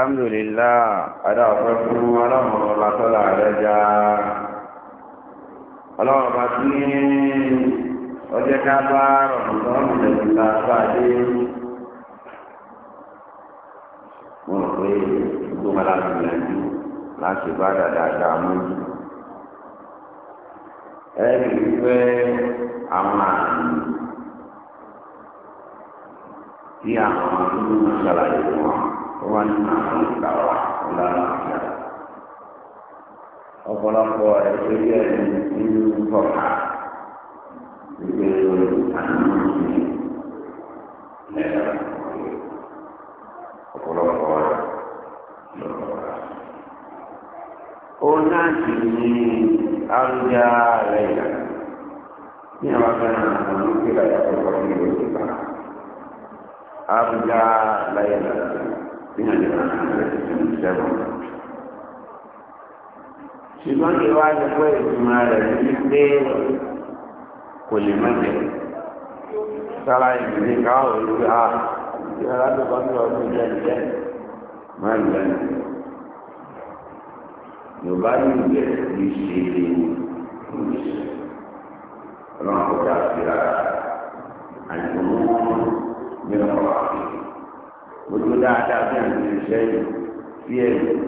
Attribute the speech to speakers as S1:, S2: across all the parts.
S1: alhamdulillah adá ọ̀pẹ́ fún ọlọ́run ọba tọ́lá rẹ̀ já ọlọ́run ọba tí ọjọ́ ká bá rọ̀mùtọ́n ìdẹ̀kùtà pàdé mo rò pé gbogbo ọmọ láti gbìyànjú láti bá dáadáa tí àwọn tó ń ṣàlàyé fún wọ́n ní àwọn ìgbàwà ọ̀làlà àjà. ọ̀pọ̀lọpọ̀ ẹ̀ṣẹ́ bí ẹ̀rí nínú bọ̀kà ìgbé àwọn ìṣẹ̀lẹ̀ lẹ́yìn ọ̀pọ̀lọpọ̀ lọ́pọ̀lọpọ̀. ó náà sì ní àrùjá rẹ̀ yà ní àwọn akẹ́rẹ́ àwọn olùkíra yàtọ̀ lọ́wọ́ nílò ìgbà àrùjá rẹ̀ yà lọ́wọ́ nínú ìjọba àti ìsinmi sẹ́wọ̀n. ṣùgbọ́n kí wá ti pé ìtumọ̀ rẹ̀ ní pé kò lè má jẹ. sára ìdílé káwọ̀ ìlú a ti ara tó bá ní ọdún jẹ́jẹ́ má jẹ́ yorùbá yóò jẹ ní ṣe é ní ọlọ́run kò dá sí ara àìsàn mọ́ nínú ọ̀rọ̀ àti ojú dáadáa bí àwọn ìṣiṣẹ́ yìí sí ẹ̀yìn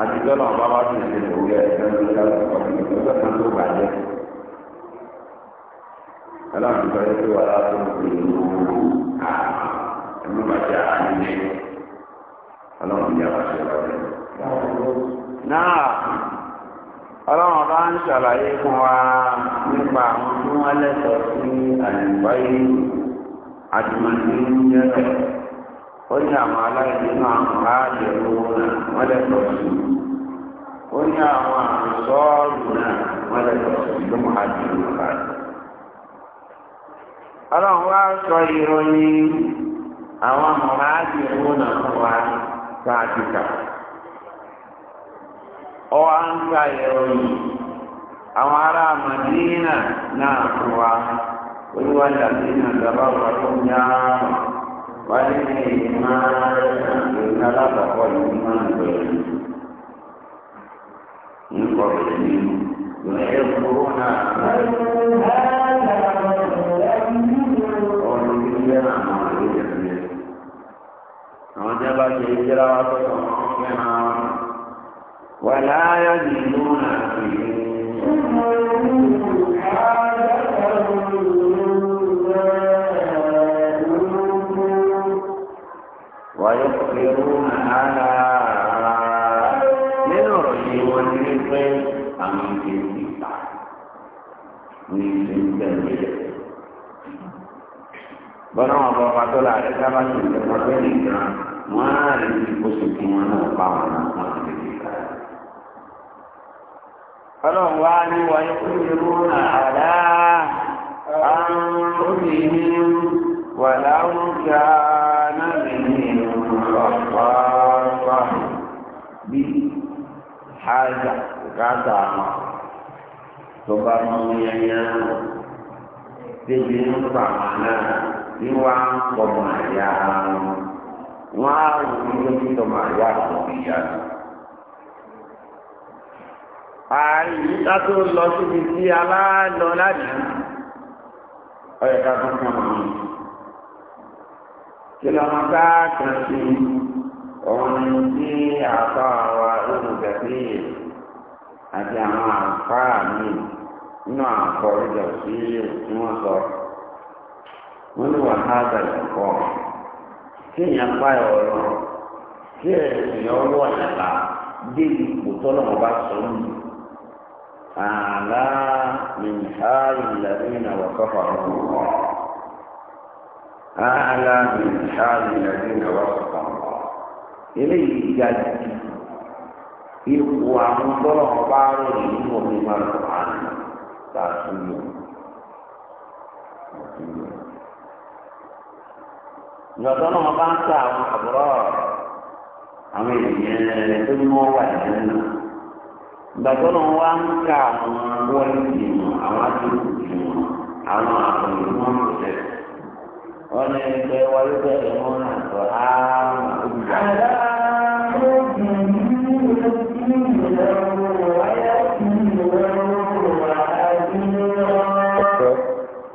S1: àti tọ́lọ̀ bá wá sí ìṣẹ̀lẹ̀ òwú ẹ̀ ẹ̀ṣẹ́ ló dá lọ́kọ̀ ní ọjọ́ kan tó bàjẹ́. aláàbò sọ pé wà látọ̀ ìlú ẹ̀mú bàjẹ́ àárín ọlọ́run ìyá wa ṣe wáyé. náà ọlọ́run bá ń ṣàlàyé fún wa nípa àwọn tí wọ́n lẹ́tọ̀ọ́ sí àyùbáyé àti màdínú jẹ́rẹ̀ẹ́. Onye ní àwọn na náà ààyè owó náà wọ́n lẹ́tọ̀ sí ó ní na àrùsọ́ọ̀rù náà wọ́n lẹ́tọ̀ sí ló mọ̀ sọ yiri onye àmọ̀ràn ààyè owó náà fún wa bá a ti ọ wá ka ìròyìn awara ará na náà fún wa na ụwa wọ́n ní ní ìmá ìrìn alákọ̀ọ́kọ́ yìí máa ń bẹ̀rẹ̀ nípa bẹ̀rẹ̀ nínú ìrìn ẹ̀kọ́ náà ọ̀rọ̀ ìdílé àwọn àlejò ìdílé àwọn tí wọ́n bá ṣe ìjẹ́ra wá pẹ̀lú àwọn ọmọ ẹ̀ma wà láyà nínú àti ìrìn. يصبرون على nínú ọ̀rọ̀ yìí wọ́n ní wípé àwọn ìṣe ń gbà ní ìṣe ń tẹ̀lé rẹ̀. bọ́lá wọn bọ́ pàtó la rẹ̀ sábà ti ń tẹ̀lé ọgbẹ́ nìkan wọ́n á rí oṣù kí wọ́n náà bá wọn náà wọ́n á lè ọlọ́run wá ní wáyé fún irú àdá àwọn obìnrin wà láwùjá náà nìyí. wàá bí hájà káàtà àmà tó bá mú yẹnyẹ débi ń pa àná bí wọ́n á ya màá yá wọ́n á rò ya lójú ya màá yá àwọn lọ síbi tí aláàlọ́ ọ̀yẹ̀ká tó kàn kí kan sí òun tí àtọ́ àwa olùgbẹ̀bí àti àwọn àǹfààní mi nínú àkọọ́lẹ̀ sí tí wọ́n sọ. wọ́n ní wàhálà ìkọ́ kí èèyàn bá ọ̀rọ̀ kí èèyàn ọlọ́ ìyàlá dé ipò tọ́lọ̀ ọba sọ ń àlá mìíràn ìlànà ààlà ìṣáàlì nàìjíríà wà pàpà wọn. eléyìí ga jù ipò àwọn tọ́lọ̀ ọ̀pá ròyìn nínú omi máa lọ àná tààtúnyọ. ìgbàdàn náà bá ń ta àwọn àbúrò àwọn ènìyàn tó ní wọ́n wà nínú náà gbàtọ́nà wa ń ka àwọn wọ́ọ̀lì ìmọ̀ àwọn wọ́n ní ẹgbẹ́ wáyé bẹ́ẹ̀ wọ́n náà sọ áàmà òbíjà.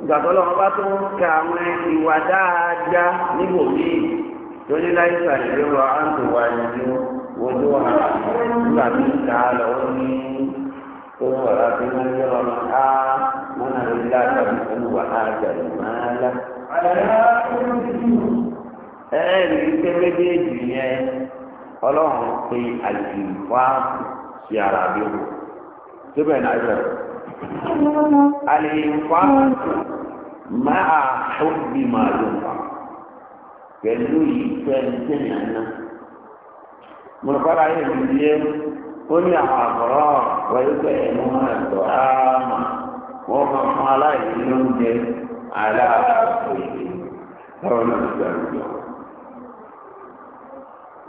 S1: gbàgbọ́ lọ́wọ́ bá tó ń ka àwọn ìwà dáadáa níbò míì tó ní láì sàlẹ̀ lọ́wọ́ à ń tó wà nínú ojú ọ̀nà nígbà tó ń ka lọ́wọ́ ní ohun ọ̀rá tó ń lé ọmọ ká mọ́nà lórí láti ọdún olúwa ájà lè máa lá ẹ̀ẹ́dì wípé méjèèjì yẹn ọlọ́run pe àlìfá sí ara bí wò síbẹ̀ náà yẹ àlìfá máa ṣọ́bì máa lò wá pẹ̀lú ìfẹ́ ìtẹ̀yàn náà mo rò fara yẹn lè yẹ ó ní àwọn àbọ̀rọ̀ wáyé pé ẹ̀mú máa tọ́ àmà wọ́n máa fún aláìsí lóúnjẹ aláàbò ìdí. táwọn náà ti dàrú lọ.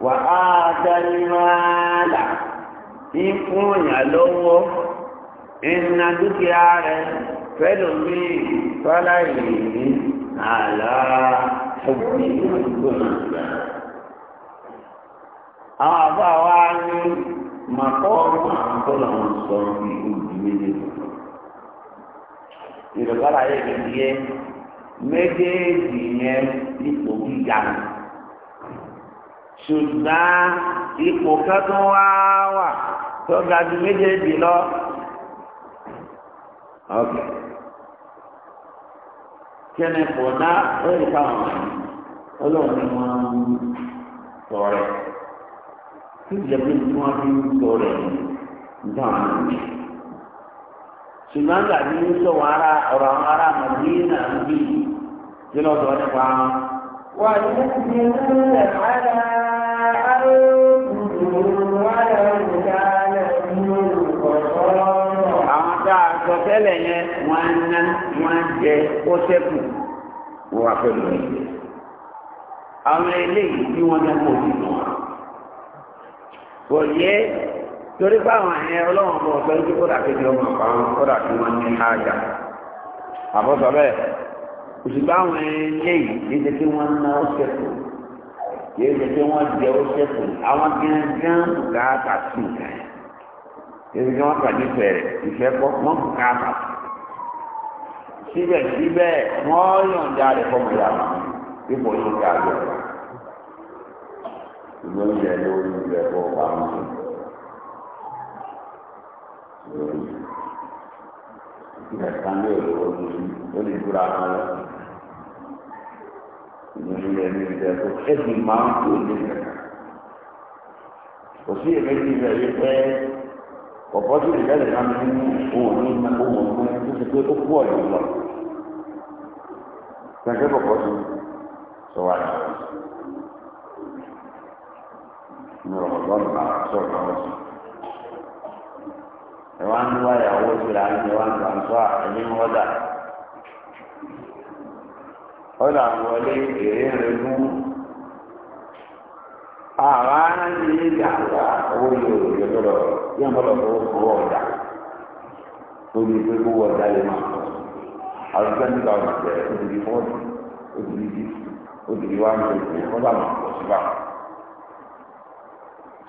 S1: wà á dání máa ní fún èèyàn lọ́wọ́ ìrìnà dúkìá rẹ̀ fẹ́lòmí fọ́lá ìrìnì àlá ọ̀gbìn ìgbòmọ̀gbà. àwọn àbá wa ní màkọ́ ọ̀rọ̀ àwọn tó làwọn méjèèjì yẹn ipò gíga ṣùgbọ́n ipò kẹ́tún wá wà tó ga ju méjèèjì lọ. Okay. kẹ́ni pọ̀ náà ó ọ̀hún ọlọ́run ni wọ́n ń sọ̀rọ̀ tí ìjẹ́bí tí wọ́n fi ń nígbà wọn ṣùgbọ́n ara ọ̀rọ̀ nínú ọ̀sọ̀ nípa
S2: wọn. wà ní àwọn tá a sọ tẹ́lẹ̀ yẹn wọ́n ná wọ́n jẹ
S1: ó sẹ́kù wọ́n pẹ̀lú ẹ̀yẹ. àwọn eléyìí tí wọ́n kò yẹ torí bọ̀ wọ́n ní bẹ́ẹ̀. òṣùgbọ́n àwọn eléyìí kì í ṣe pé wọ́n ná ó ṣẹ̀kù kì í ṣe pé wọ́n jẹ ó ṣẹ̀kù àwọn gángan bùkátà sí nǹkan yẹn kì í ṣe pé wọ́n pàdé ìfẹ́ rẹ̀ ìfẹ́ kọ́ wọ́n bùkátà síbẹ̀síbẹ̀ wọ́n yọ̀ǹda rẹ̀ fọmọ ìyá wọn ipò yóò ga lọ. ìgbó ń jẹ lórí ìgbẹ́fọ́ pamọ́ ìgbàgbọ́n ní òwò ní olùdúrà kan lọ. Ìlú ilẹ̀ ní ìjẹ́ tó ẹ̀sìn máa ń tó ilé ìgbàgbọ́n. Kò sí ìrètí rẹ̀ yí pé ọ̀pọ̀ tó lè lẹ́lẹ̀ náà nínú òun ní ohun ọ̀gbọ́n tó ti pé ó kú ọ̀dọ̀ lọ. Gbẹ̀gbẹ́ pọ̀pọ̀ tó sọ wà láwọn. Ní ọ̀rọ̀ lọ́nà sọ̀rọ̀ àwọn sọ̀rọ̀. ẹ wá ń wá ìyàwó ìṣúra ní ẹ wá ń gbàǹtọ́ ẹ̀mí ọ̀dà ọ̀dà wọlé èrè rẹ̀ àwa ní ìgbà owó yóò yọ lọ́rọ̀ yóò ń bọ̀lọ̀ fún owó ọ̀dà lórí pé owó ọ̀dà lè máa pọ̀ àwọn ìgbà ọ̀dà jẹ́ òdìdí fọ́ọ̀dù òdìdí òdìdí wa ń pè é kó máa pọ̀ síbà.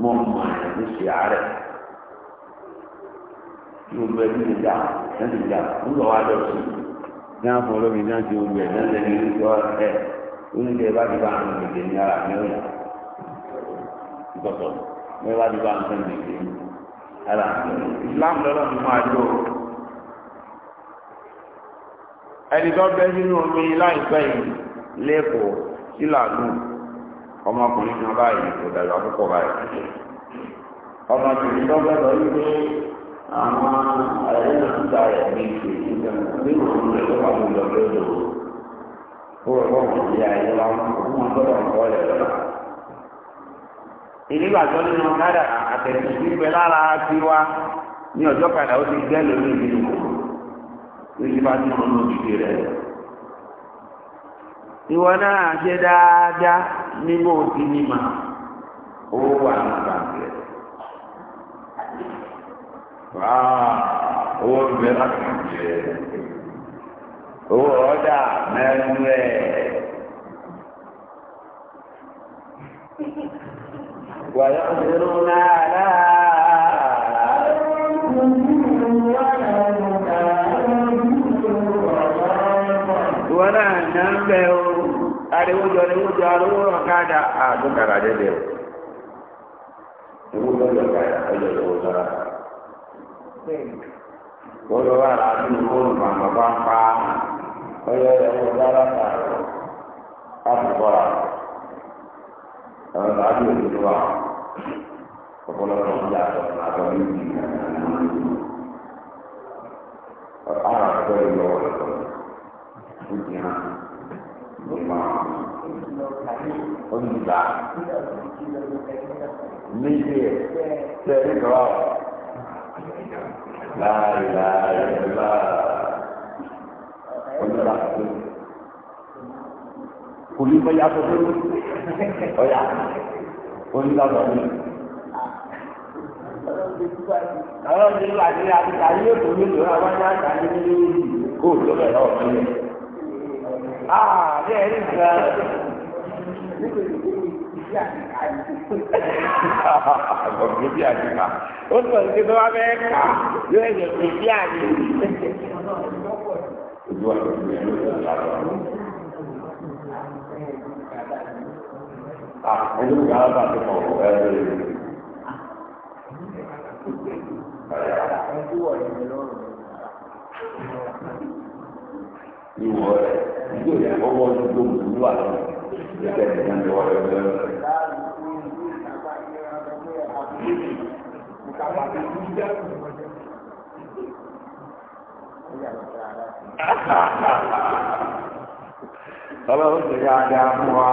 S1: mọ mọ àyàn ní ṣe àárẹ gbogbo ẹbí mi dà náà ti dà nígbà wà lọ sí ní àfọ olómi náà ti gbogbo ẹ náà lẹni ní sọ ẹ oníṣẹ bá ti bá àwọn ọmọdé ní ara mi ọyà ìgbọ̀tọ̀ mẹ bá ti bá àwọn ọmọdé ní ara mi ọyà Islam lọ́dọ̀ mi máa jó ẹni tó bẹ́ sínú omi láìpẹ́ yìí lẹ́kọ̀ọ́ sílàgùn ọmọkùnrin kan báyìí kò dàgbà púpọ̀ báyìí ọmọkùnrin tó gbọ́dọ̀ yí pé àwọn ẹ̀rí náà ń ta rẹ̀ bí ìṣèjì bí òun rẹ̀ tó wà lórí ọjọ́ ìdòwò ó rẹ̀ bọ́ọ̀mù sí ayé wa fún wọn gbọ́dọ̀ ń kọ́ ẹ̀ lọ́la. ìdígbàjọ́ nínú kádà àtẹ̀sí pípẹ́ lára sí wa ní ọjọ́ kádà ó ti gbẹ́ lórí ìdílé kò ní ìdíbàjọ́ nínú ìdílé rẹ̀ ìwọ náà ṣe dáadáa mímọ́ ti ní ma owó wà ní bàbá rẹ̀ owó ń bẹ láti jẹ owó ọ̀dà mẹ́rin rẹ̀ wàyọ̀ ìṣòro náà láàárọ̀. ولا نبئ ariwo jọ ariwo jọ ariwo rọ káàdà àdó kàrà dédé o owó lọ́yọ̀ káyà ọyọ̀ lọ́wọ́ sọ́ra wọ́n lọ wà láti owó nípa bàbá ń pa ọyọ̀ lọ́wọ́ sọ́ra kà àbùkọ́ ra ọ̀rọ̀ láti òkè tó wà ọ̀pọ̀lọpọ̀ ń yàtọ̀ àtọ̀ ní ìdí àwọn àgbẹ̀ lọ́wọ́ lọ́wọ́ ìdí hàn olùgbà méjì ẹ tẹ̀lé lọ láàyè láàyè lọ olùgbà tó kò ní bọ́yá tó tó ọ̀yà olùgbà tó ní. Àwọn ọmọdé wà ní àbíkà yóò tó ní ìlú àwọn ọmọdé àgbà ní ìlú kó o tó bẹ̀rẹ̀ ọ̀gbìn
S2: ààrẹ rí nǹkan Àgbọ̀gbọ̀ Ó sọ ní tó bá fẹ́ kà yóò ẹ̀yẹ̀ pé bí àdìmá.
S1: Ojú ọ̀nà ìgbẹ́ ló ti lára. Àgbọ̀gbọ̀ bí àdìmá ti pọ̀ pọ̀ ẹ̀ Ìwọ̀ rẹ̀ yóò yẹ ọwọ́ ọdún tó mú ìlú àlọ́ ìṣẹ́ ìṣẹ́ ìṣẹ́ lọ́wọ́. Ọlọ́run ti yá adé fún wa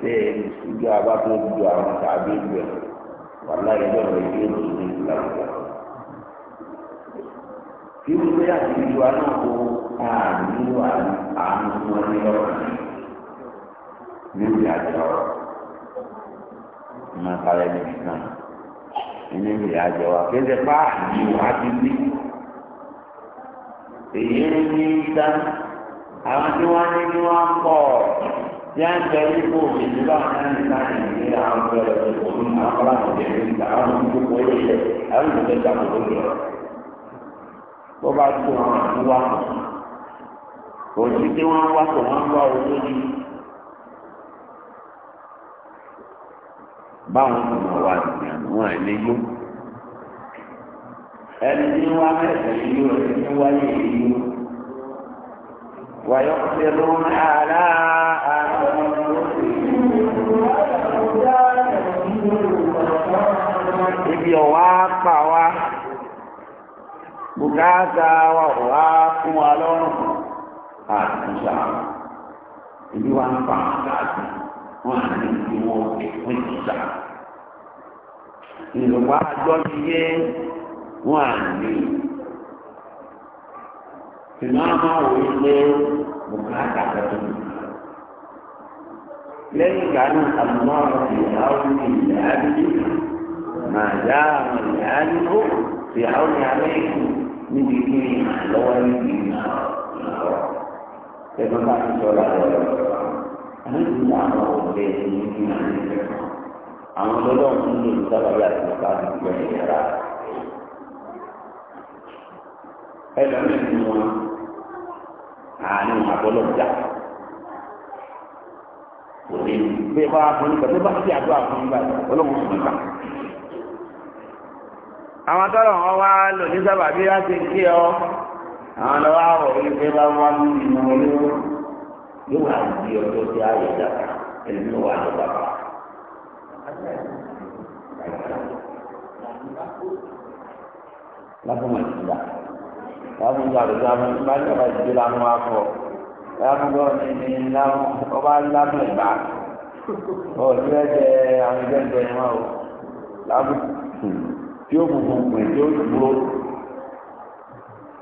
S1: ṣe ìṣújú àbá tó ju àwọn tàbí ìgbẹ́ wàlá ìjọ rẹ̀ yé ní ìlú ìlànà. Kí wọ́n gbé àti ìjọ náà kó àdúgbò àánú tí wọ́n ní lọ́kàn níbi àjọ máa parẹ́ níbi kan níbi àjọ wa kí ẹ pa àdúgbò àti èyí ní ìta àwọn tí wọ́n ní ní wọ́n pọ̀ tí a ń tẹ ipò ìdílé àwọn àwọn àwọn bá àwọn kò sí pé wọ́n wá kò wọ́n wá owó ní báwọn kò máa wá nìyà wọn ẹ̀ lé yó ẹni tí wọ́n mẹ́sẹ̀ yó ẹni tí wọ́n yé yó wàyọ̀ ṣe ló ń àwọn
S2: ọmọ ibi ọ̀wá
S1: pa wá bùkátà wa ọ̀wá fún wa lọ́rùn àgbà ìlú wa ń fa àgbàdo wọn à ní ìwọ ìpín ìgbà ìlúwa àjọyẹ wọn à ní ìmọ̀ àwọn òye pé bùkátà tẹ̀lé lẹ́yìn ìgbà náà àlùmọ́ ọ̀rọ̀ ìyá ọ̀rọ̀ ìyá àbíyí màá dá àwọn ìyá àbíyí ìyá ọ̀rọ̀ ìyá àbíyí níbi kí ni màá níbi ìyá ọ̀rọ̀ ẹgbẹ́ ká ti sọ̀rọ̀ àwọn ọ̀rọ̀ àníbi àwọn ọ̀rẹ́ ní ní àwọn ọlọ́dọ̀ ń lò ní sábàbí àti ọ̀gá àdúgbò ẹ̀ yára ẹlẹ́mìn ní wọn àárín àbọ́lọ́jà kò ní bí bá a fún ìgbà tó bá ti àdó àfún ìgbà ọlọ́run fún ìgbà. àwọn tọrọ wọn wá lò ní sábàbí láti kí ọ àwọn lọ́wọ́ àwọ̀ yìí pé bá wá ní ìmọ̀ olóró yóò wá di ọjọ́ tí a yẹ dàgbà ẹni wà ní bàbá. lábùmọ̀ ìtura lábùmọ̀ ìtura ló dáa fún bá yọ̀bá ìdílé lánàá wá fọ lábùmọ̀ ní ọba lábùmọ̀ ìbá ọ̀ọ́dún ẹ̀jẹ̀ àwọn ẹgbẹ́ ìgbẹ́ ìwọ̀n o lábùmọ̀ tí ó mú pé tí ó dúró.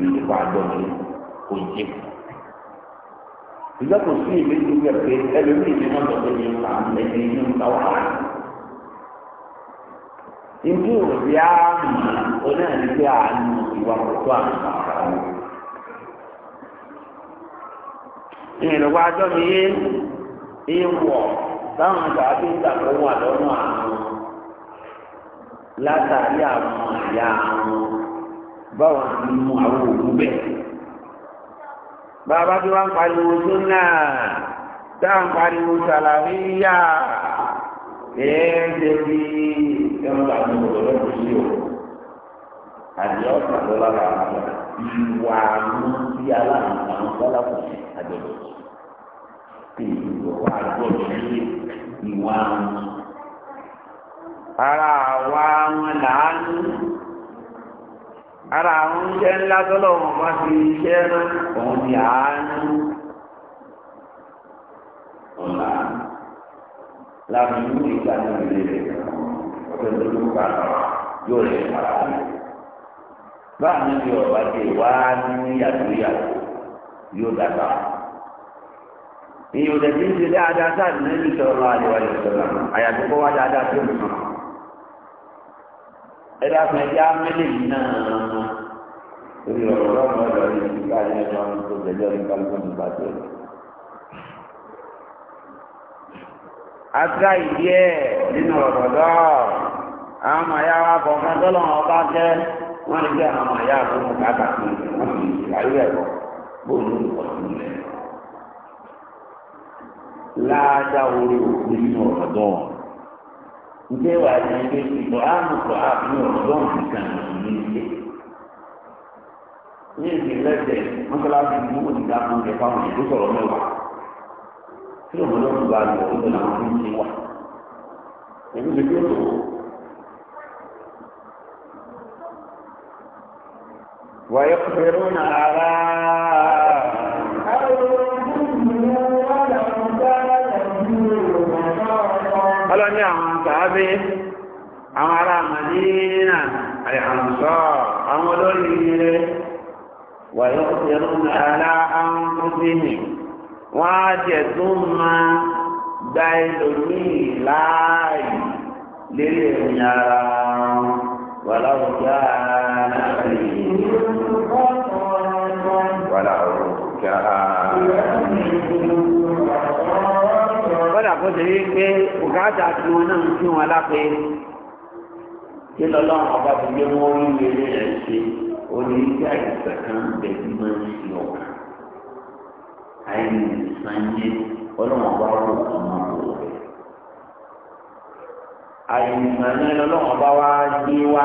S1: ìlú bá gbọ́n mi kò jẹ́ kù. ìgbà sí ìlú ìlú bẹ̀rẹ̀ pé ẹlòmíì ní wọ́n tọ́jú ní nǹkan ẹni ní nǹkan wà ìdí òbí á mọ̀ ọ́nà ìgbé àánú ìwà pẹ̀lú àwọn àwọn àwọn. ìrìnàwó ajọ́ mi yé ìwọ̀ táwọn àgbàdo ń dàgbọ́ wà lọ́nà àwọn látàrí àwọn ìyá àwọn báwọn ti mú àwọn òògùn bẹ́ẹ̀. bàbá tí wọ́n ń pariwo súnà tá à ń pariwo sàlàríyà ẹ̀ẹ́dẹ̀ bí ẹ̀rọ àwọn ọ̀dọ́ kò sí o. àdìọ́ làánú ara àwọn oúnjẹ ńlá tọ́lọ́wọ́n bá fi iṣẹ́ rán òun ni àánú ọ̀la láti mú ìgbà náà lè rẹ̀ ọ̀tọ̀ tó ló bá yóò rẹ̀ para rẹ̀. báàmì bí ọba dé wá ní yàtúyàtú yóò dàgbà. ìyọ̀dẹ̀ tí ń ṣe dáadáa sáà nínú ìṣòro àlewà ìṣòro àyàtúkọ́ wá dáadáa tó nìkan ẹ̀rọ àfẹnẹ́jẹ́ amẹ́lẹ̀ yìí náà lórí ọ̀rọ̀ ọlọ́run ọ̀rọ̀ yìí ti ká ilé ẹ̀rọ àwọn tó gbẹ̀jọ́ ní kálukú ní ìbàjẹ́ rẹ̀. Atra ìdí ẹ̀ nínú ọ̀rọ̀dọ́ àwọn ọmọ ayá wa bọ̀ fún ọdọ́lọ́ ọba jẹ́ wọ́n lè gbé àwọn ọmọ ayá àbúrò káàkà fún wọn fi ìlàyé rẹ̀. Láàdá orí ǹjẹ́ wàá di ilé ìbò àmì kò àbí ọ̀gbọ́n nìkan ní ihe ihe èdè lẹ́sẹ̀ mọ́sálásí ní wọ́n ti dákun jẹ fáwọn èdè sọ̀rọ̀ mẹ́wàá. tí òun ló ń gba àgbọ̀ ó dùn àwọn oúnjẹ wà. èmi lè dé òwò. ara. sàábé àwọn ará Màdínà àrẹ̀hànsọ́ àwọn olórí ilé wà yóò ti rú ara àwọn mùsùlùmí wọ́n á jẹ̀ tó máa gba ẹlòmíì láàyè lérí ẹ̀yìn wà láwùjọ ṣe rí pé bùkátà tí wọn náà ń fi wọn lápẹ kí lọ́lọ́run ọba ti gbé rí ilé rẹ̀ ṣe àìsàn kan ń ọlọ́run ọba rẹ̀ ọba wá gbé wá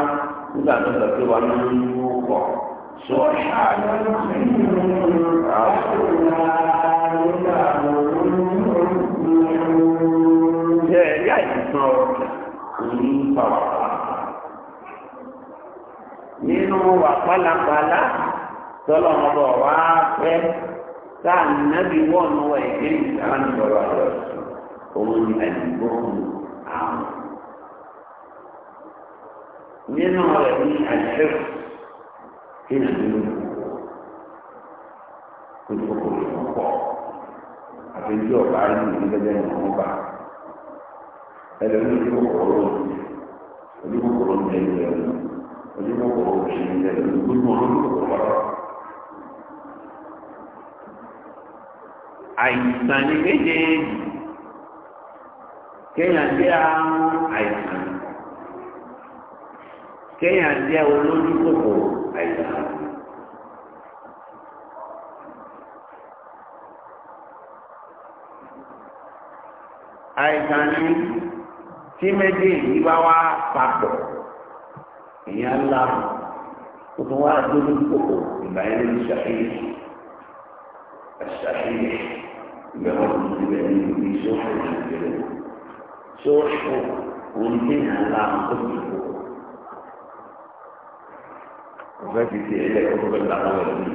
S1: nígbà tó sọ
S2: Ẹ̀rí àìsàn
S1: òní pa wàpá. Nínú wàpá lápàlá, tọ́lọ̀ ọmọbọ̀ wá fẹ́ táà nábi wọ́nú ẹ̀gbẹ́ ìdánilọ́rọ̀ àlọ́ òun ni àdìgbò àwọn. Nínú rẹ̀ ní àṣẹ́kù kéèyàn nínú kó tó kò lè wọ́n pọ̀ àti tí ọ̀gá yìí ní gẹ́gẹ́ ní wọ́n bá ẹlẹ́nu tó kọ̀ọ̀rọ̀ olùkókòrò ní ẹ̀yẹ ẹ̀rọ olùkókòrò ní ẹ̀yẹ ẹ̀rọ gbogbo olùkókòrò ọ̀rọ̀. àìsàn ní méjèèjì kéèyàn jẹ́ àrùn àìsàn kéèyàn jẹ́ olójú kòkòrò lẹ́yìn náà. àìsàn ni tí méjèèjì bá wá papọ̀ ìyẹn ńlá tó tún wá dúró kókò ìgbà yẹn ní ṣàfihàn ṣàfihàn ìgbà wọn kò tún bẹ ní ibi sófò ìgbèrè òun tí ìyẹn ńlá tó tún fẹ́ fi ṣe ilẹ̀ kókó fẹ́ làwọn ọ̀rọ̀ mi.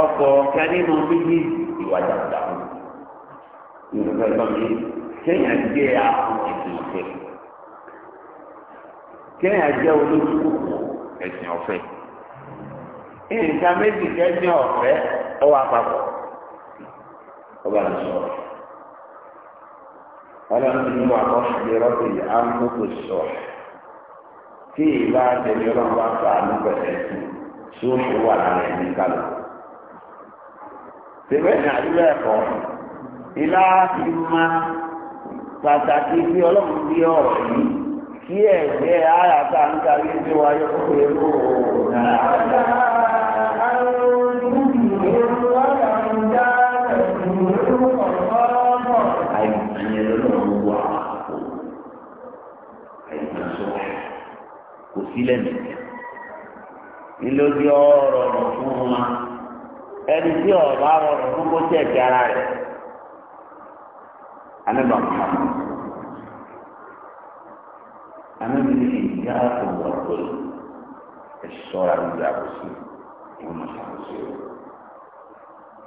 S1: ọkọ̀ kanínú méjì ìwà jàǹdà fún mi ìrọ̀lẹ́ gbọ́n mi kéèyàn gbé àwọn ẹ̀sìn ọ̀fẹ́ kéèyàn jẹ́ olóṣù ẹ̀sìn ọ̀fẹ́ nǹkan méjì kẹ́sìn ọ̀fẹ́ ọwọ́ àpapọ̀ ọba àdìsọ́ ọlọ́run ti mú àkọsílẹ̀ rọ́bì àmúkòsọ̀rọ̀ tí ìbá tẹ̀lé ọlọ́run bá fà á ní pẹ̀lẹ́ sí sóòfù wà lára ẹ̀mí kálọ̀. Tẹ̀wé ní àdúrà ẹ̀kọ́, ilá ti máa pàtàkì bí ọlọ́run bí ọ̀rọ̀ yìí kí ẹ̀jẹ̀ àyàtà ń karí sí wáyé kókó ewu òòrùn náà. sílẹ̀ nìyẹn ìlòdì ọ̀rọ̀ ọ̀rọ̀ fún wa ẹni tí ọ̀rọ̀ ọ̀rọ̀ fún kó tẹ̀ kí ara rẹ̀ anábà mọ̀ anábì ní ìyá àtọ̀wọ̀ ọ̀rọ̀ ẹ̀ṣọ́ra ní ìyá àbòsí wọn mọ̀ ṣàkóso rẹ̀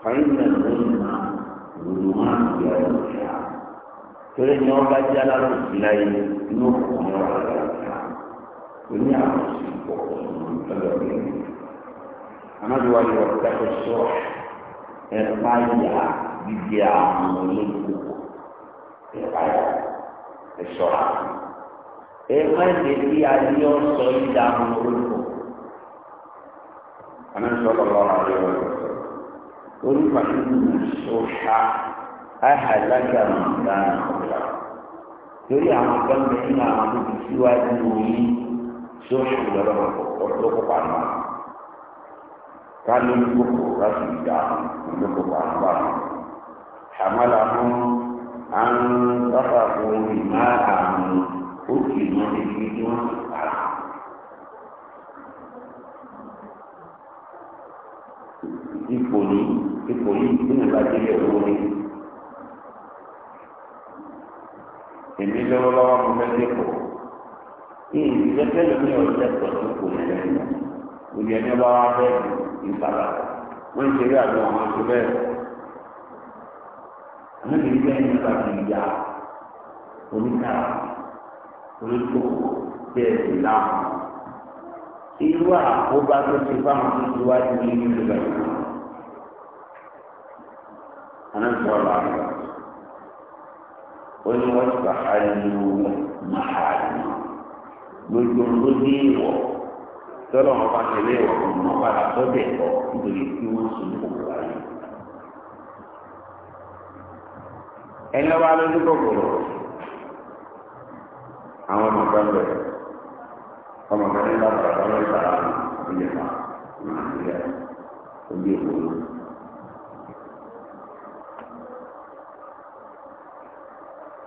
S1: fàyínà lóyún náà lòlù máa ń gbé ọ̀rọ̀ ìyá torí ni wọ́n bá jẹ́ aláròsí láyé inú òkùnkùn ọ̀rọ̀ ìyá والنعم أنا دوالي وقتك الصبح الرمية بدي أعمل الصلاة الرمية بدي أعمل صعيد أعمل أنا صلى الله عليه وسلم قل فإن الصبح أهلك من كان قبلك يريد أن أقدم بين أعمال سوى دوني sóṣù lọ́dọ̀ ọdún kó pa náà ká ló ń kókò láti ìdá ló kó pa náà báyìí àmàlà fún àrùn sábà fún ìmá àrùn ó kì í wọn tí wọn ti pa ipò ní ipò yìí tí mo bá délé owó ni èmi lọ́wọ́lọ́wọ́ mo fẹ́ dé pọ̀ ìgbẹ́kẹ̀ lómi ọ̀sẹ̀ pẹ̀lú kò mẹ́lẹ̀ nù. Òbí ẹni bá wá fẹ́ ìpàdà. Wọ́n ń ṣeré àgbọn àwọn aṣọ bẹ́ẹ̀. Àwọn ìlú bẹ́ẹ̀ ní ìgbà tó yá oníkà olóko bẹ́ẹ̀ sì láàmú. Irú àkóbá tó ti fáwọn ní ìlú bẹ́ẹ̀ nù. Àwọn gbogbo tó dé ìwọ̀ tọ́lọ̀ wọn bá tẹ̀lé ìwọ̀ ọ̀nà padà sọ́dẹ̀ ọ̀ nítorí tí wọ́n sùn kòkòrò ayé. ẹni ọba lójú kòkòrò àwọn ọmọ kan bẹ̀rẹ̀ ọmọ kan ní bàbá ọmọ ìsàlá ìjẹta nàìjíríà ojú ìwòrán.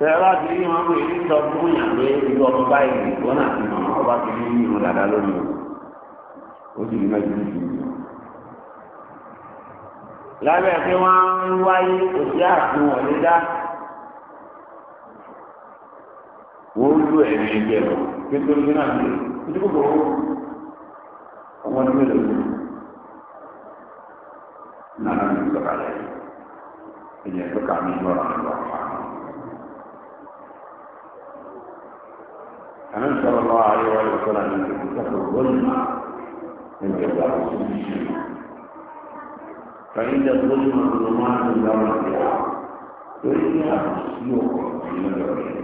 S1: tẹ́lá ti rí wọn pé ní sọ fún yàn pé ìlú ọmọ báyìí wọn náà ti mọ̀ ọba ti rí yìí wọn dáadáa lónìí o sì rí mẹ́jọ ní ìlú. lábẹ́ pé wọ́n ń wáyé kò sí àfihàn wọlé dá wọ́n ń lu ẹ̀mí ẹ̀jẹ̀ lọ pé torí bí náà ti rí kókó owó ọmọ ní mélòó ni nàá ní sọ̀kalẹ̀ ẹ̀jẹ̀ tó kà mí lọ́rọ̀ àná. عليه وآله وسلم اتقوا الظلم من الله فإن الظلم ظلمات يوم القيامة وإنها مسلوقة في المدرسة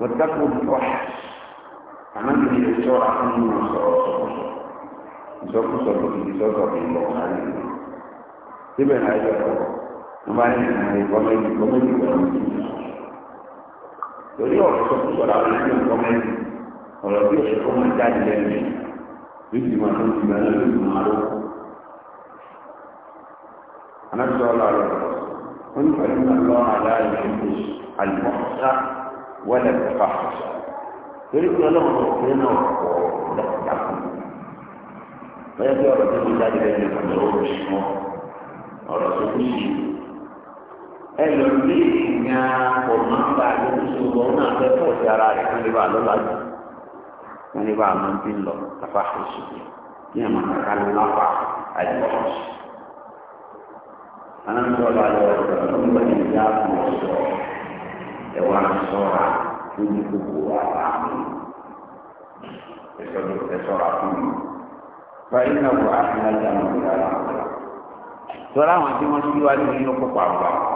S1: واتقوا الوحش عملت في الشرع من الصلاة Ìjọba sọ̀rọ̀ ti di sọ́sọ̀ fún ìlọ ààrẹ ìlú. Síbẹ̀ náà ẹjọ́ kọ̀ọ̀, wọ́n bá ní ìrìn àìkọ́ méjì kọ́ méjì pẹ̀lú ìjọba. torí ọ̀rọ̀ sọ fún sọ̀rọ̀ àwọn ìlú nǹkan mẹ́rin ọ̀rọ̀ bí òṣè kọ́ máa jáde lẹ́nu yìí ti máa tó ti máa lórí ìlú máa lọ. anájọ́ ọlọ́rọ̀ ó ní pẹ̀lú ọlọ́ aláìlú àlùmọ́sá wọlé pẹ̀fà torí pé ọlọ́run kò pé náà kọ̀ lọ́kọ̀dàkọ̀ bẹ́ẹ̀ bí ọ̀rọ̀ tó ti jáde lẹ́nu ọ̀rọ̀ ẹlòmíì ìyá ọ̀nà gba ìṣòro náà fẹ́ pọ̀ sí ara rẹ̀ kí níbà lọ́la jù kí níbà máa ń bí lọ kápá oṣù kí ẹ̀ máa ká ló lápá àìsàn oṣù. anáńtọ́lá lọ nígbà tí ìyá kan sọ ẹ̀wà sọ́ra lórí gbogbo àbá mi ẹ̀sọ́ ló fẹ́ sọ́ra fún mi. báyìí náà wọ àfihàn ìjà náà ń gbára. tọ́lá àwọn tí wọ́n ti wá ní ọkọ̀ pàápàá.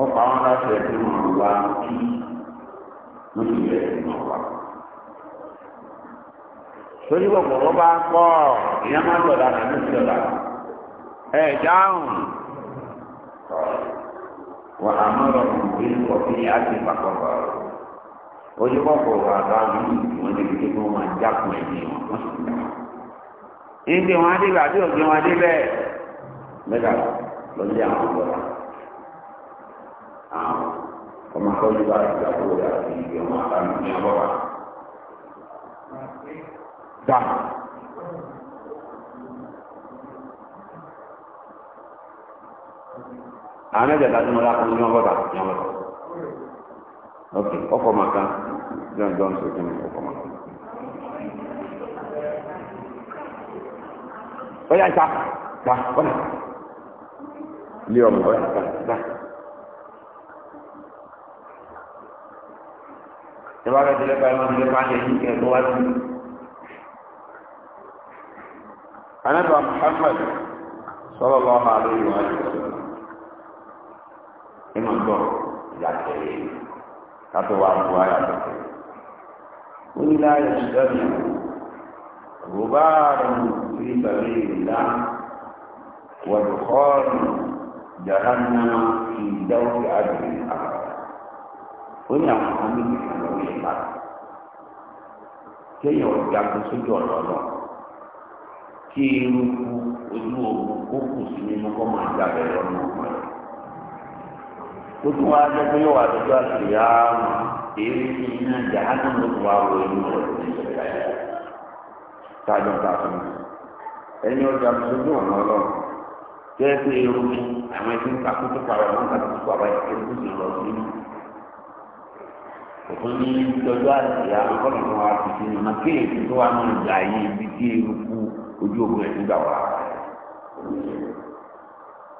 S1: ọ pa wọn láti ẹ̀kọ́ ìmọ̀ wa bí wọ́n ti yẹ ìmọ̀ wa. torí gbogbo wọn bá kọ́ ìyẹn máa ń lọ́la nàbí sí ọ̀la ẹ̀ dáhùn wà á mọ̀ lọ bí wọ́n fi á ti pàpọ̀ bọ̀ ojú kọ̀ọ̀kọ̀ wà bá mi wọ́n ti fi kó wọn jákun ẹ̀mí wọn wọ́n sì dá wọn. ọmọ akọ́jú bá ti dàpọ̀ wọlé àti ìgbẹ́ ọmọ àbámi ní abọ́bà. Dà. àwọn ẹ̀jẹ̀ dájú mọ́lá kan ní ọgọ́ta ní ọgọ́ta. ok ọkọ̀ màkà john john ṣe kí ni ọkọ̀ màkà. ó yà ń ta ọ̀nà ilé ọmọ ọ̀yà ta ta. ìwà rẹ̀ ti lẹ́pàá ẹ̀mọ́ ti lẹ́pàá ṣe yí ẹ̀kọ́ wá sí. anábà Muhammad sọ́rọ̀ lọ́wọ́ máa lórí wa jù ìmọ̀ gbọ́ ìyàtọ̀ yìí kátó wà bu ayàtọ̀ ó ní láyé ṣùgbọ́n غبار في سبيل الله ودخان جهنم في دوء عدل ó ní àwọn kan ní nìkan lọ́wọ́ yẹn bá rẹ̀ kéèyàn ò ga kó sójú ọ̀rọ̀ náà kí irúkú ojú ogun kó kù sí nínú kó máa gbà bẹ̀rẹ̀ ọ̀nà ọ̀pọ̀ rẹ̀ tó tún wá jẹ́ pé yóò wá lọ́jọ́ àṣìyá àmọ́ èyí ní iná jàánù ló tún wá wọ inú rẹ̀ ní ìṣẹ̀lẹ̀ ayé tájọ́ ta fún mi ẹni ọjà sójú ọ̀nà ọlọ́run jẹ́ pé irú mi àwọn ẹni tí ń kakú tó parọ́ máa tó wọ́n ní lọ́jọ́ àti àwọn kọ́nà wa ti ti ní màkéèkì tó wà nínú ìgbà yìí ibi tí eruku ojú ogun ẹ̀sìn gbà wá.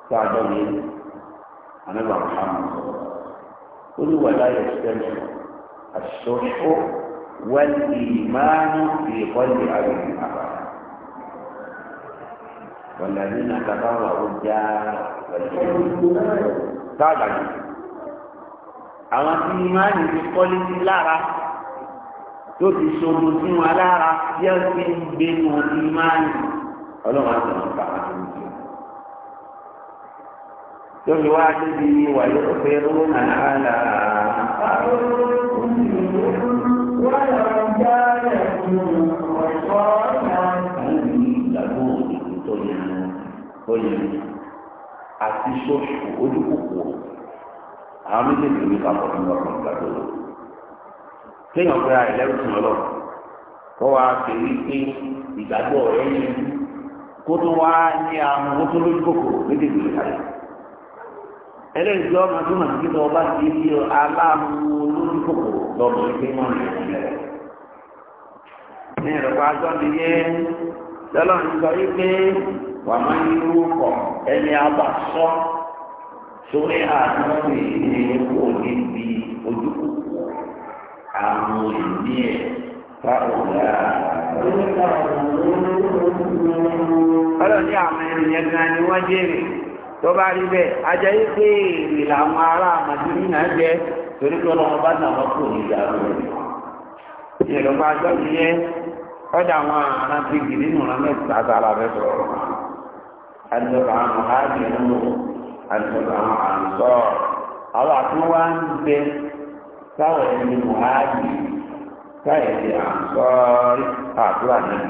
S1: Sọ àjọ mi, ànágbà Mùhàmmù sọ, ó ní wàlá yẹ sẹ́nu, àṣọṣọ wẹ́lì ìmáàánú ìkọ́lé àwọn ìgbà. Wàlá ní nàkàbáwà ó já wàlá. Sáà dàgbà àwọn tí máa ń ní kọ́lé sí lára tó ti ṣojú sí wọn lára bí ó ti ń gbé wọn ní máa ń ọlọ́run àti àwọn kàwá tó ń jẹ. tó fi wá débi wàyó òfin owó nàá là Àti ṣoṣù ojú àwọn méjèèjì ní papọ̀ ní ọkàn ìgbàdo lọ. kéèyàn fẹ́ ara ẹ̀lẹ́rù lọ kó wa fi rí pé ìgbàgbọ́ kó tó wá ní àwọn tó lójú kòkòrò méjèèjì ẹlẹ́yìn ọmọ tó ti aláàmú lójú kòkòrò lọ́dọ̀ ní ìrọ̀pá ajọ́ mi lọ́lọ́run sọ kọ̀ ẹni torí àánú ìdílé kò níbi ojú kúkú àwọn ìdí ẹ̀ táwọn ọ̀gá. ọlọ́run
S2: ní àwọn ènìyàn
S1: gan ni wọ́n jèrè tó bá rí bẹ́ẹ̀ ajá yìí pé èrè làwọn ará àmàdúrí náà jẹ́ torí pé ọlọ́run bá nà wọ́n kò ní ìjà rẹ̀. ìrọ̀lọ́pàá ajọ́ mi yẹ ọ̀dà àwọn aráàlú gbèdé nínú ọ̀nà mẹ́ta tààrà rẹ̀ sọ̀rọ̀. adúlọ̀ àwọn ọ̀hánì ẹ̀ ń àti àwọn àǹsọ́ àwọn àtúnwá ń bẹ táwọn ẹni mùháàjì káyẹ̀dì àǹsọ́ àtúwà náà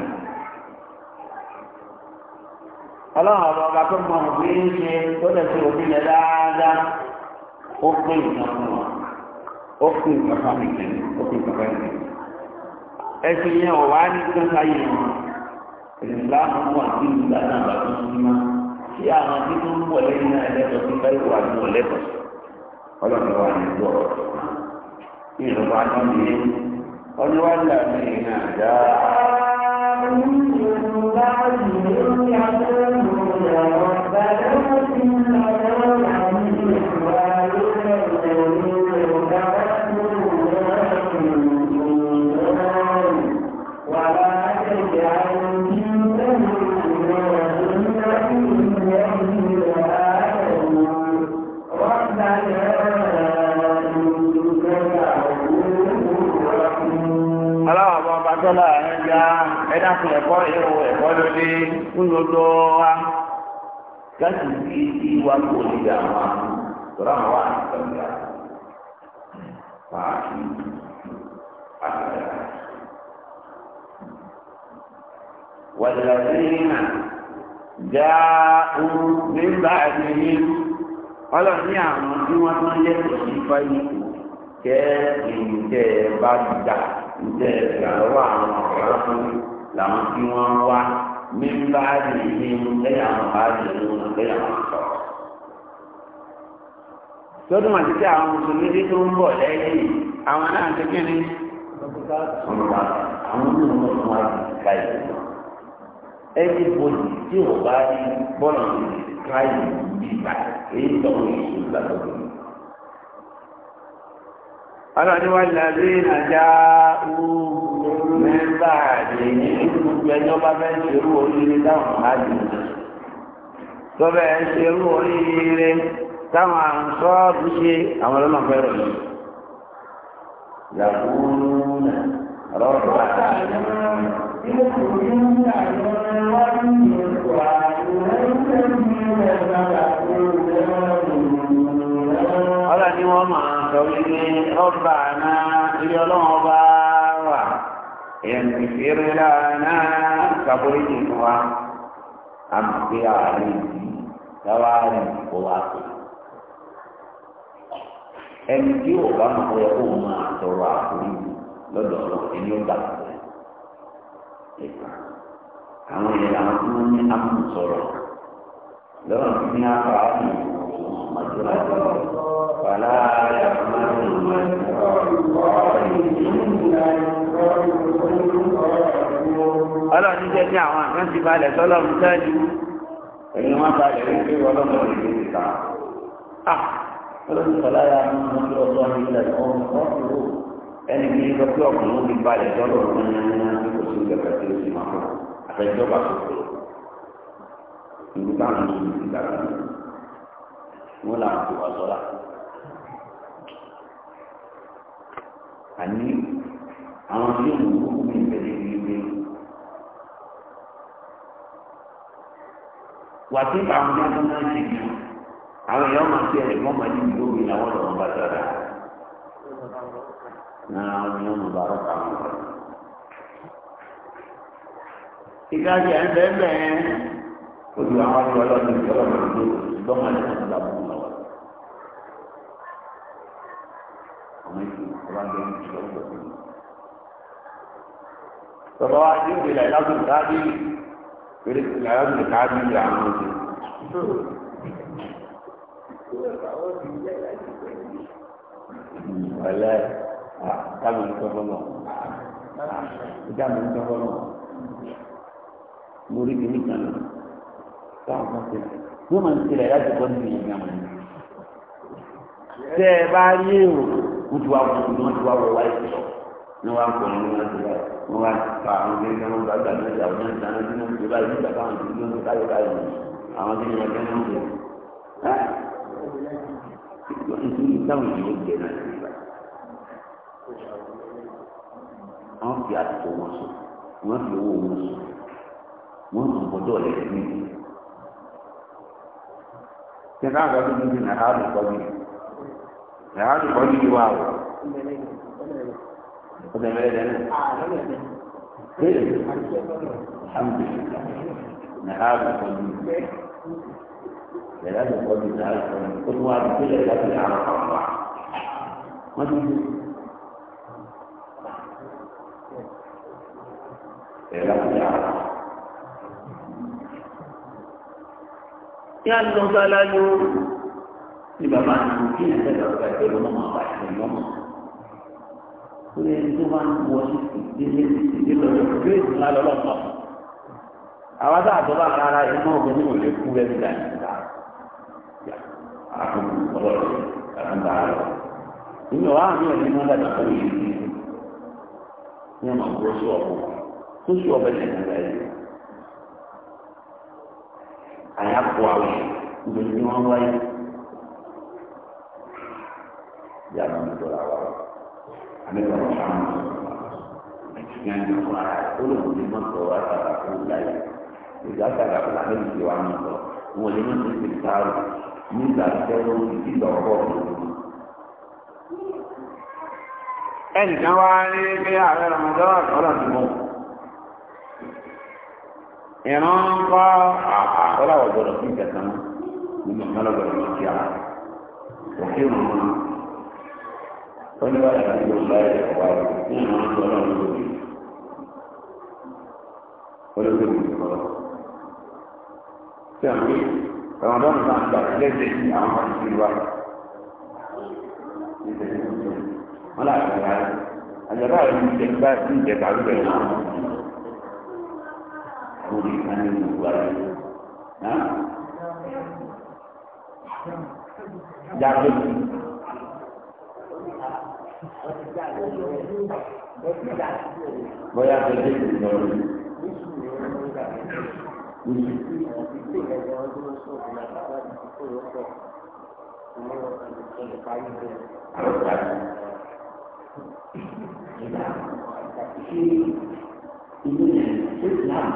S1: ọlọ́run ọba ọba tó mọ òbí ń ṣe tó lè fi òbí yẹn dáadáa ó pín ìtàn fún wọn ó pín ìtàn fún ó pín ìtàn fún mi yẹn ọ̀wá ní kankan yìí ìsìlámù wà ní ìgbà náà bá tó ń tí àwọn tí tó ń bọ̀ lẹ́yìn náà lẹ́tọ̀ sí bá ìwà ní ọ̀lẹ́tọ̀ ọlọ́run wà ní ìlú ọ̀rọ̀ ní ìlú wa ní ìlú ọdún wa ń là ní ìrìn àjá.
S2: Àwọn ìlú bá yìí ló ń yàtọ̀ lọ́wọ́ bàbá
S1: pín lọ́dọ̀ wa láti fi ti wá kó níbi àwọn àmì tọ́lá àwọn àmì tọ́lá yà pààkì àtàlà. والذين جاءوا من ní àwọn tí wọ́n tán yẹ kò sí fáyé kẹ́ ìjẹ́ bá dà ìjẹ́ ìgbà àwọn ọ̀rọ̀ fún làwọn tí wọ́n wá من بعدهم غير مهاجرون tọ́dún máa ti tẹ́ àwọn mùsùlùmí ní tó ń bọ̀ lẹ́yìn àwọn náà ti kí ni àwọn ẹni bòlì tí ò bá rí èyí tó ń yí ìgbà bá a lè ní gbogbo ẹjọ́ bá fẹ́ ṣerú oríire táwọn àjò tó bẹ́ẹ̀ ṣerú oríire táwọn àǹsọ́ọ̀bù ṣe àwọn ọlọ́mọ fẹ́ rọ̀ yìí. يقولون ربنا يخرجون
S2: ọlọ́ni wọ́n máa
S1: sọ wípé ọba àná ilé ọlọ́run ọba يغفر لنا كبرين وا أمضي عليه دواري قواتي ẹni tí yóò bá máa yẹ kó máa tọrọ àforí lọ́dọ̀ ọ̀rọ̀ ẹni ó gbà pẹ́. àwọn èèyàn àwọn tí wọ́n ní amú sọ̀rọ̀ lọ́rọ̀ ní apá àti màjúlá fàlà àyàfọ́ àti
S2: màjúlá ọ̀rọ̀ ìlú ìlú ìlú ọlọ́run jẹ́ ní àwọn àkàn ti balẹ̀ sọ́lọ́run
S1: sáájú ẹ̀yìn wọn balẹ̀ ní pé ah! ọlọ́run ò lè ta. ọlọ́run sọlá yà mú wọn lọ sọ ní ilẹ̀ ọ̀hún ọ̀hún ẹni kí ló pé ọkùnrin ti balẹ̀ sọ́lọ́run náà ní kò sí ìgbẹ̀fẹ̀ tí ó sì máa fọ́ àtẹ̀jọba sọ̀tọ̀ ìlú táwọn ọmọ ìlú dàgbà wọn là ń tó wá sọ́lá. àní àwọn tí ó mú kókó mi bẹ̀rẹ̀ ní ilé wà tí bá wọn yàtọ̀ náà ṣe jù àwọn èèyàn máa fi ẹ̀rẹ̀ mọ́mọ́ ní ìlú mi làwọn lọ́wọ́ bá dára náà wọn yóò mú bàrọ̀ kà wọn lọ. ìdájì ẹ̀ ń bẹ́ẹ̀ bẹ́ẹ̀ ojú àwọn ọmọ ọlọ́dún ìjọba máa ń lò ṣùgbọ́n máa ń tẹ̀sán bá wọn lọ́wọ́. ọmọ ìlú ọba ń bẹ́ẹ̀ ń jù lọ́wọ́ bọ̀ Bàbá wa yóò gbé láì pèrè ìlànà mi ká bí ìyá àwọn ọdẹ. Ọ̀lẹ́ káàmù ní tọ́kọ́ náà. Káàmù ní tọ́kọ́ náà. Mo rí kìíní kan lọ. Káàmù kan ti rẹ̀. Bí wọ́n máa ń tirẹ̀ láti kọ́ nínú ìyá wọn. Tẹ́ ẹ bá rí èrò, ó ti wá wọ̀ ti wá wọ̀ wáyé lọ ní wàá kọ̀ ní wọn ti báyìí wá pa àwọn ilé ìjọba wọn gbàgbà ní ìjà wọn ìjà náà tí wọn ti báyìí nígbà táwọn ti gbé wọn káyọ̀ káyọ̀ àwọn tí wọn kẹ́ni wọn jẹ. nítorí táwọn ìlú jẹ náà fi àtúntò wọn sọ wọn fi owó wọn sọ wọn tún gbọ́dọ̀ lẹ́yìn níbi. ṣé káàkiri ọdún yìí ní àárò kọ́ni àárò kọ́ni yìí wà o. خذ بالي انا الحمد لله نهار القديم لأن القديم نهار القديم كنت واحد كل الأكل على الله ما تجي yàtọ̀ sálájú ní bàbá àti òkè ìṣẹ̀lẹ̀ ọ̀gá ìṣẹ̀lẹ̀ ọmọ àbáṣẹ̀ lọ́mọ. orí ẹni tó máa ń wọ sí ìdílé ìdílé lọ́dọ̀ yóò sì máa lọ́lọ́ pọ̀. àwa tá a tọ́ bá ara rẹ̀ náà bẹ ní òye kú rẹ̀ nígbà nígbà àkókò ọlọ́rọ̀ àtúntà rẹ̀. ìyẹn wàá mi ò ní mọ́ dàgbà tó yẹ kí ní ọmọ àbúrò sí ọ̀pọ̀ tó sí ọ̀bẹ̀ ní ìgbà yìí. àyàpò àwọn ìgbèlú ni wọ́n wáyé. yàrá mi tó ra wa nípa ọ̀sán ìyá ní ọ̀pọ̀ ara ó lè wọlé mọ́tò àtàrà fún ìdáyà ìgbà àtàrà fún àlẹ́ ìṣe wa mọ́tò wọn lè mọ́tò ìṣe táàrù nígbà tẹ́ wọ́n ti ti lọ bọ̀ ẹnìkan wá ní pé ààrẹ ramadan ọ̀rọ̀ ti mọ̀ ìran ń kọ́ àkọ́láwọ̀ gbọ́dọ̀ sí ìjẹ̀kan nínú ìmọ̀lọ́gbọ̀dọ̀ sí ara òkè òun wọ́n bá yàrá yóò bá yàrá wá ní ìlú tó náà ló lóbi wọ́n ló lóbi tó lọ. Sẹ́wọ̀n àwọn ọmọ náà ń gbà lẹ́sẹ̀ sí àwọn ọmọ ìlú wa. Wọ́n lọ àgbà yàrá. Àjọba àwọn ìjẹ bá ń jẹ bá rúbẹ̀ náà. Àwọn òbí kan ní ìlú wa rẹ̀. Jáde bóyá tó dé ìlú lọ rí ìlú islam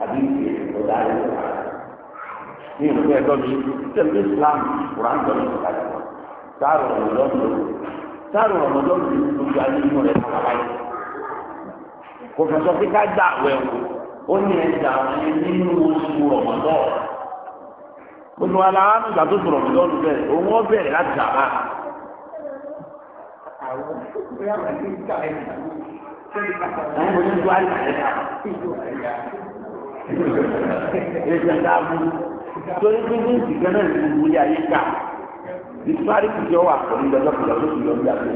S1: àbí ìgbésẹ̀ ní ìlú ẹ̀dọ́ mi ìlú islam kùrán lọ́nà ìgbàlódé sáà rọ̀ lọ́nà ìgbàlódé sáàrùn ọ̀mọ̀dọ́ ti gbogbo ayé inú rẹ̀ pàpàpáyé
S2: kò fẹ́ sọ pé ká gbà wẹ̀
S1: o ó ní ẹ̀dá ẹ̀ nínú oṣù ọ̀mọ̀dọ́ gbogbo wa làwọn àgbà tó sọ̀rọ̀ ọ̀mọ̀dọ́ ọ̀dún bẹ́ẹ̀ òun ó bẹ̀rẹ̀ láti dàbà.
S2: àwọn onídùú àlàyé ètò ìdáàbò torí pé ní ìsìnkánná ìlú ilé ayé ká
S1: ìparí kìjọ wà pẹ̀lú ìdájọ́ kìjọ tó kìjọ ń dàgbé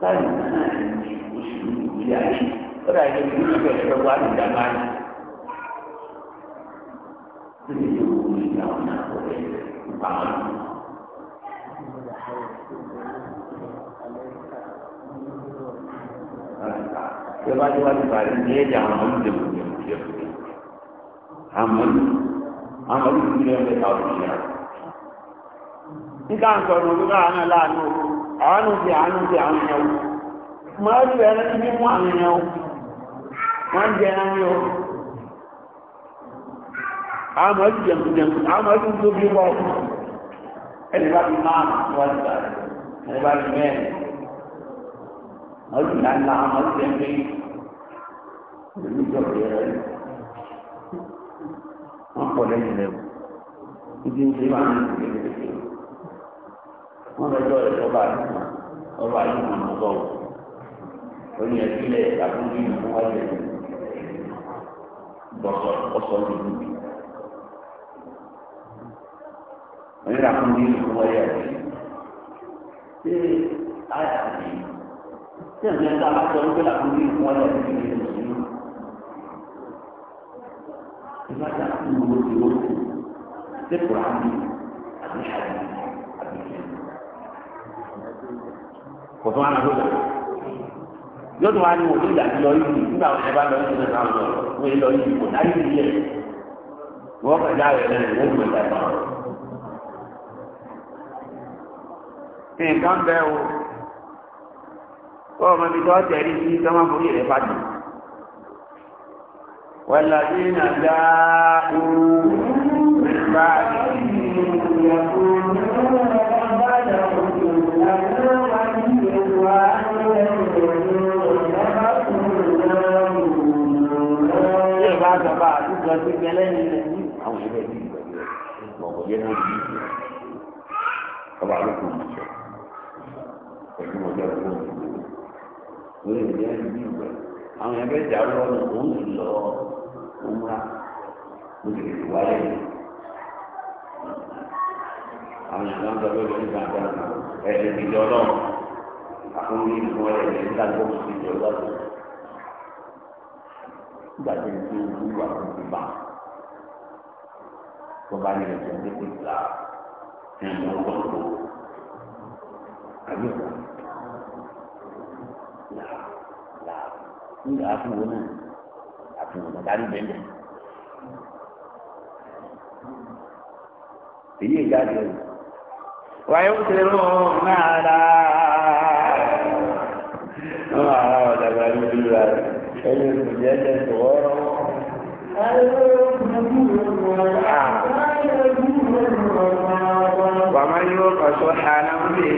S1: táyì náà ní oṣù ìwé ayé ó dà yẹ kí ìgbẹ́ ìfẹ́ wà ní ìdàgbà yìí. Kí ni yóò wù ní
S2: àwọn àkọọ́lẹ̀ ìpamọ́?
S1: Ṣé bá ti wá ti ní ẹ̀jẹ̀ àwọn ọmọdé mọ̀ ní ọmọdé? Àmọ́ àmọ́ ìdílé ọ̀rẹ́ ta ọ̀rẹ́ yàrá nígbà ń sọ̀rọ̀ olúgbà àwọn aláàánú àánú sí àánú sí àwọn èèyàn máa rí ẹran ní mímú àwọn èèyàn wọ́n jẹ ẹran ní o àmọ́ sí jẹmùjẹmù
S2: àmọ́ sí tó bí bọ́
S1: ẹni bá fi máa wọ́n ti sàrẹ̀ ẹni mẹ́rin ọdún ìlànà àmọ́ sí ẹgbẹ́ wọn lọ́jọ́ rẹ̀ ọba àdúgbò ọba àdúgbò ní ọgọ́ wọn orí ẹ̀sílẹ̀ àbúrò yìí fún wáyé ẹ̀ bọ̀sọ̀ ọ̀sọ̀ lùdù orí àbúrò yìí fún wáyé ẹ̀ ṣé àyà mi ṣé ẹ̀sìn ẹ̀ta bá sọ wípé àbúrò yìí fún wáyé ẹ̀ ṣe lè ṣe
S2: ìbájá fún ìwé ìwé ṣé kùrọ̀ àbí àbí àbí. kò tó wà lọ lọ
S1: yóò tó wà ní òkú ìyá ti lọ yìí nígbà wọn ẹ bá lọ yìí nígbà wọn lọ wọn lọ yìí kò dá yìí yẹ wọn kàn já rẹ lẹ́nu wọn gbé ìgbà ìgbà wọn. nǹkan bẹ o kó ọmọ ibi tó tẹ̀lé sí sọ́mọ́ fún ìrẹ́ fàájì wàlá sí nàdá òun bá
S2: ìyẹ̀kú. àjọ tó lẹ́yìn rẹ̀ ní àwọn ẹgbẹ́ bíi ìgbàgbé rẹ̀
S1: lọ́wọ́ yẹn ló di ìgbà ọba àlùkò ìjọ pẹ̀lú ọjọ́ ìgbà lórí ìgbà bíi ìgbà àwọn ẹgbẹ́ ìjà lọ́nà òun lọ òmùra lórí ìwà lẹ́yìn àwọn ìjọba ń dọ́gbẹ́ lórí ìgbà ẹ̀ẹ́dẹ̀gbẹ̀jọ lọ́wọ́ àkóńgbé ìfọwọ́ ẹ̀ẹ́dẹ̀gbẹ̀jọ lọ́wọ́ nígbà tó ń gbé ojú wà tó bá yẹ ẹjọ́ ní kò gbà ní ìlú ọgbọgbọ àbí ọgbà là là nígbà àfúnwó náà àfúnwó náà dárí bẹ́ẹ̀ èyí ìjáde ẹ̀
S2: wáyé ó ti rún un náà rà á. Àwọn ọ̀dàgbà ló dúró rà rẹ̀ ẹni olùyẹ jẹ tòwọ́rọ́. wàmá yóò kọ̀tọ́ àlàmúlẹ̀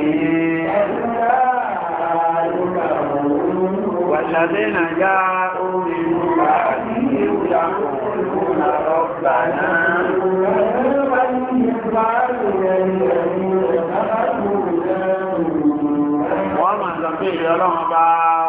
S2: والذين جاءوا من بعدهم يقولون ربنا وما لقيه لهم بعد